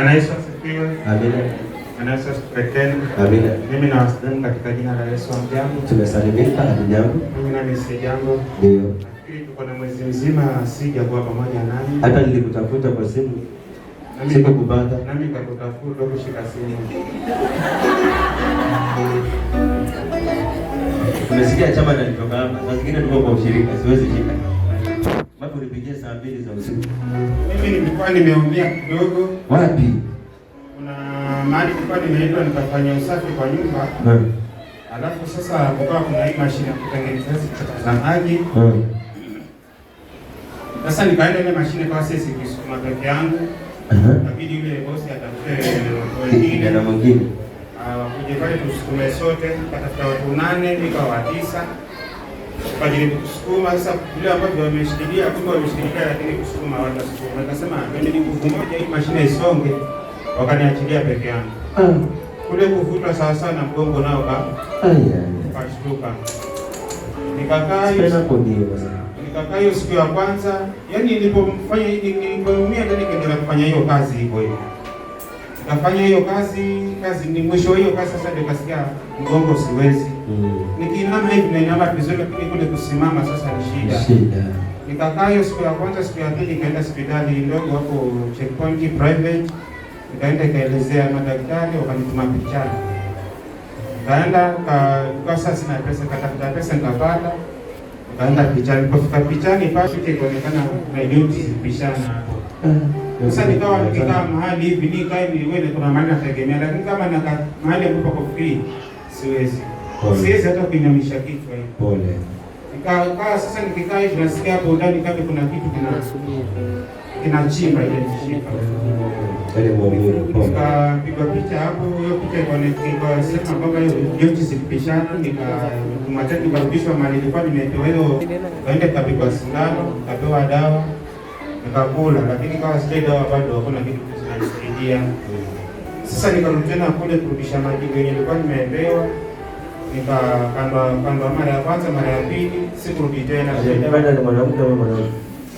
Bwana Yesu asifiwe. Amina. Bwana Yesu asifiwe. Amina. Mimi na wasalimu katika jina la Yesu amjambo. Tumesalimika amjambo. Mimi na misi jambo. Ndio. Nafikiri tuko na mwezi mzima sija pamoja nanyi. Hata nilikutafuta kwa simu. Sikukupata. Nami nikakutafuta kushika simu. Tumesikia chama na nitoka hapa. Saa zingine tuko kwa ushirika, siwezi shika. Mambo nipigie saa mbili za usiku mimi nilikuwa nimeumia kidogo. Wapi? Kuna mahali nilikuwa nimeenda nikafanya usafi kwa nyumba. Hmm. Alafu sasa kukawa kuna hii mashine ya kutengeneza zichota za maji. Hmm. Sasa nikaenda ile mashine kwa sasa sikisukuma peke yangu. Inabidi yule bosi atafute wengine mwingine. Ah, wakuje pale tusukume sote, katafuta watu nane, nikawa tisa kwa kusukuma sasa vile ambavyo wameshikilia kumbe wameshikilika, lakini kusukuma watasukuma. Nikasema mimi ni nguvu moja, hii mashine isonge, wakaniachilia peke yangu eh. kule kuvuta sawa sana, mgongo nao ka eh, kashtuka. Nikakaa nikakaa hiyo siku ya kwanza, yani nilipofanya nilipoumia, ndio yaani nikaendelea kufanya hiyo kazi hivyo hivyo nafanya hiyo kazi kazi, ni mwisho hiyo kazi sasa ndio kasikia mgongo siwezi mm. Nikiinama hivi nainama vizuri, lakini kule kusimama sasa ni shida Nikakaa hiyo siku ya kwanza, siku ya pili nikaenda hospitali ndogo hapo checkpoint private, nikaenda ikaelezea madaktari, wakanituma picha, nikaenda kwa sasa sina pesa, katafuta pesa nikapata, nikaenda picha. Nilipofika pichani pale kuonekana na duty pishana hapo mm. Sasa nikawa nikikaa mahali hivi ni kai ni wewe kuna maana tegemea, lakini kama naka mahali ambapo kwa free siwezi. Siwezi hata kuinamisha kichwa hivi. Pole. Nikakaa sasa nikikaa hivi nasikia hapo ndani kama kuna kitu kina kinachimba ile mshika. Kale mwangu. piga picha hapo, hiyo picha iko nikwa sema kwamba hiyo yote zilipishana, nikamwacha kibarudishwa mahali nilikuwa nimepewa hiyo, kaenda kapigwa sindano, kapewa dawa nikakula, lakini kawa sijaelewa bado, hakuna kitu kinanisaidia. Sasa nikarudi tena kule kurudisha maji yenye nilikuwa nimeembewa, nikakandwa mara ya kwanza, mara ya pili, sikurudi tena.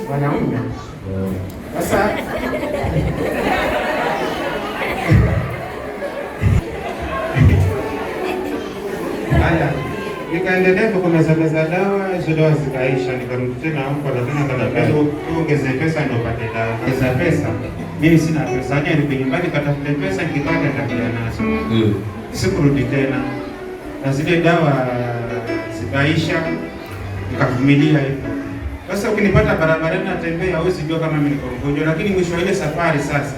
Mwanaume sasa haya nikaendelea meza dawa, hizo dawa zikaisha, nikarudi tena huko, lakini uongeze pesa ndio upate dawa. Ongeza pesa, mimi sina pesa, nirudi yaani nyumbani katafute pesa, nikipata nitakuja nazo. Mm. Sikurudi tena na zile dawa zikaisha, nikavumilia hivyo. Sasa ukinipata barabarani natembea, huwezi jua kama mimi niko mgonjwa, lakini mwisho wa ile safari sasa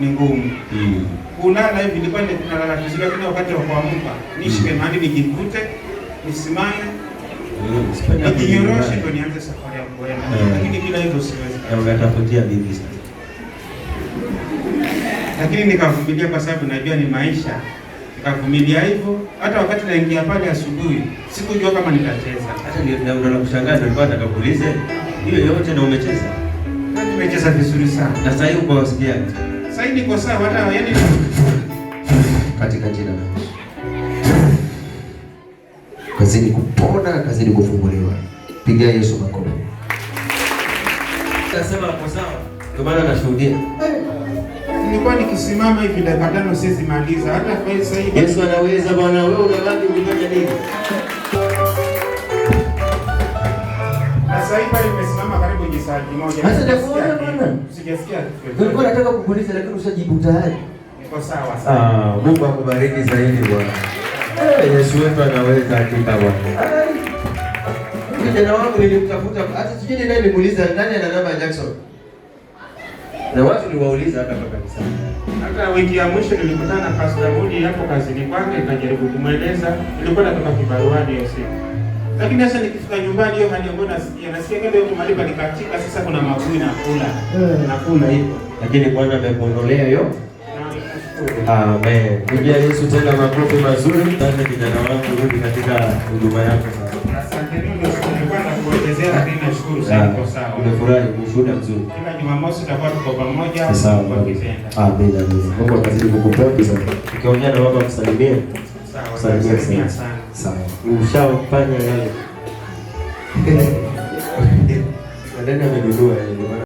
ni ngumu mm. kulala hivi, nilikuwa nalala vizuri, lakini wakati wa kuamka nishike maji nikikute nisimame kijoroshe ndo nianze safari ya kuenda, eh. lakini bila hivyo siwezi. Ukatafutia bibi sasa, lakini nikavumilia kwa sababu najua ni maisha, nikavumilia hivyo. Hata wakati naingia pale asubuhi, sikujua kama nitacheza. Hata nakushangaza, nilikuwa nikakuulize hiyo yote na umecheza, umecheza vizuri sana, na sasa hiyo kwa sikia, sasa, hivi niko sawa hata yani katika jina la kazidi kupona, kazidi kufunguliwa. Piga Yesu makofi. Nasema hapo sawa, ndio maana nashuhudia nilikuwa nikisimama hivi dakika tano siwezi maliza hata pesa hii. Yesu anaweza bwana, wewe unabaki ukifanya nini? Sasa hivi nimesimama karibu ni saa moja. Sasa ndio bwana. Sijasikia kitu. Nilikuwa nataka kukuuliza lakini usajibu tayari. Niko sawa ah, sawa. Mungu akubariki zaidi bwana. Eh, Yesu wetu anaweza hakika Bwana. Kijana wangu nilimtafuta hata sijui nani nilimuuliza nani ana namba ya Jackson. Na watu niwauliza hata kwa kanisa. Hata wiki ya mwisho nilikutana na Pastor Mudi hapo kazini kwake nikajaribu kumweleza nilikuwa natoka kibaruani hiyo siku. Lakini sasa nikifika nyumbani hiyo hali ambayo nasikia nasikia kama yote malipo nikatika sasa kuna mavui na kula. Nakula eh. hivyo. Lakini Bwana amekuondolea hiyo Amen. Pigia Yesu tena makofi mazuri. Tena kijana wangu rudi katika huduma yako sasa. Asante sana. Umefurahi, ushuhuda mzuri. Kila Jumamosi tutakuwa tuko pamoja kwa Amen. Mungu akazidi kukuponya sana. Ukiongea na baba msalimie. Sawa. Salimia sana. Sawa. Ushaofanya yale. Eh, ndio ndio ndio.